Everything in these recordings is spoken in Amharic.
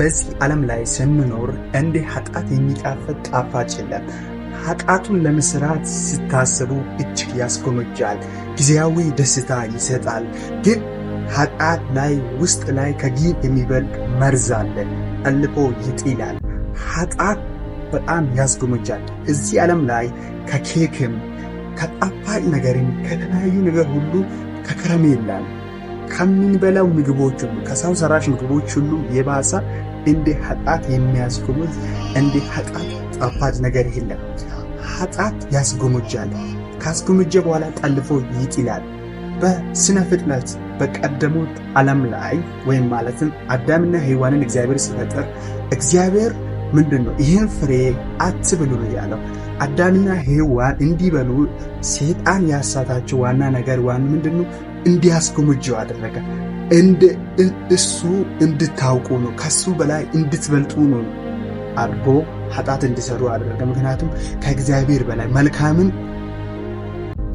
በዚህ ዓለም ላይ ስንኖር እንደ ኃጢአት የሚጣፍጥ ጣፋጭ የለም። ኃጢአቱን ለመስራት ስታስቡ እጅግ ያስጎመጃል፣ ጊዜያዊ ደስታ ይሰጣል። ግን ኃጢአት ላይ ውስጥ ላይ ከጊብ የሚበልቅ መርዝ አለ፣ ጠልፎ ይጥላል። ኃጢአት በጣም ያስጎመጃል። እዚህ ዓለም ላይ ከኬክም ከጣፋጭ ነገርም ከተለያዩ ነገር ሁሉ ከከረሜላም ከምንበላው ምግቦች ሁሉ ከሰው ሰራሽ ምግቦች ሁሉ የባሰ እንደ ኃጢአት የሚያስጎመጅ እንደ ኃጢአት ጣፋጭ ነገር የለም። ኃጢአት ያስጎመጃል። ካስጎመጀ በኋላ ጠልፎ ይጥላል። በስነ ፍጥነት በቀደሙት ዓለም ላይ ወይም ማለትም አዳምና ሔዋንን እግዚአብሔር ሲፈጠር እግዚአብሔር ምንድን ነው ይህን ፍሬ አትብሉ ነው ያለው። አዳምና ሔዋን እንዲበሉ ሴጣን ያሳታቸው ዋና ነገር ዋን ምንድን ነው? እንዲያስጎመጀው አደረገ። እሱ እንድታውቁ ነው፣ ከሱ በላይ እንድትበልጡ ነው አድርጎ ኃጢአት እንዲሰሩ አደረገ። ምክንያቱም ከእግዚአብሔር በላይ መልካምን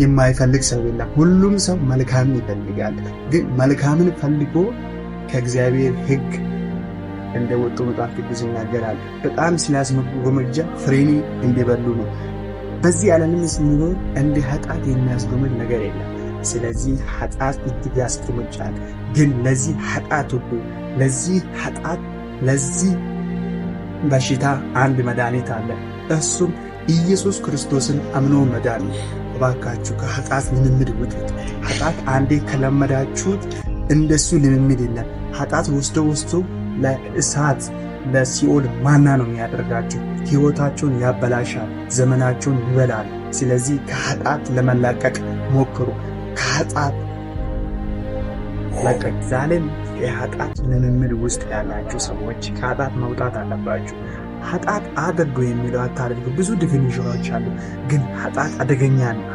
የማይፈልግ ሰው የለም። ሁሉም ሰው መልካምን ይፈልጋል። ግን መልካምን ፈልጎ ከእግዚአብሔር ሕግ እንደወጡ መጽሐፍ ቅዱስ ይናገራል። በጣም ስላስመቁ ጎመጃ ፍሬኔ እንዲበሉ ነው። በዚህ ዓለምም ስንኖር እንደ ኃጢአት የሚያስጎመል ነገር የለም። ስለዚህ ኃጢአት እጅግ ያስጎመጃል። ግን ለዚህ ኃጢአት ሁሉ ለዚህ ኃጢአት ለዚህ በሽታ አንድ መድኃኒት አለ። እሱም ኢየሱስ ክርስቶስን አምኖ መዳን እባካችሁ ከኃጢአት ልምምድ ውጡት። ኃጢአት አንዴ ከለመዳችሁት እንደሱ ልምምድ የለም። ኃጢአት ወስዶ ወስዶ ለእሳት ለሲኦል ማና ነው የሚያደርጋቸው። ሕይወታቸውን ያበላሻል፣ ዘመናቸውን ይበላል። ስለዚህ ከኃጢአት ለመላቀቅ ሞክሩ። ከኃጢአት ለቀቅ ዛሬም የኃጢአት ልምምድ ውስጥ ያላችሁ ሰዎች ከኃጢአት መውጣት አለባችሁ። ኃጢአት አድርጎ የሚለው አታደርጉ። ብዙ ዲፊኒሽኖች አሉ። ግን ኃጢአት አደገኛ ነው።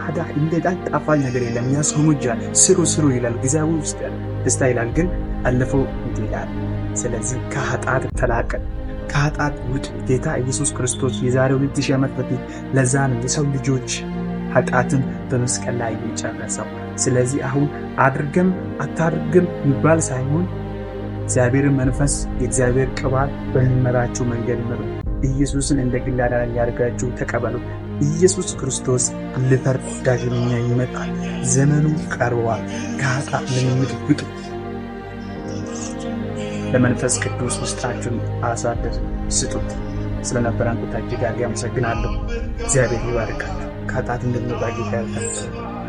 እንደ ጣፋጭ ነገር የለም። ያስሆኑጃል ስሩ ስሩ ይላል። ጊዜያዊ ውስጥ ደስታ ይላል ግን አልፎ ይላል። ስለዚህ ከኃጢአት ተላቀ፣ ከኃጢአት ውጥ። ጌታ ኢየሱስ ክርስቶስ የዛሬው 2000 ዓመት በፊት ለዛ ነው የሰው ልጆች ኃጢአትን በመስቀል ላይ የጨረሰው። ስለዚህ አሁን አድርገም አታድርግም የሚባል ሳይሆን እግዚአብሔር መንፈስ የእግዚአብሔር ቅባት በሚመራችሁ መንገድ ምሩ። ኢየሱስን እንደ ግል አዳኝ ያድርጋችሁ ተቀበሉ። ኢየሱስ ክርስቶስ ሊፈርድ ዳግመኛ ይመጣል። ዘመኑ ቀርቧል። ከኃጢአት ልምምድ ውጡ። ለመንፈስ ቅዱስ ውስጣችሁን አሳልፍ ስጡት። ስለነበረን ቁታ እጅግ አመሰግናለሁ። እግዚአብሔር ይባርካችሁ። ከኃጢአት እንድንባጌታ ያልፈ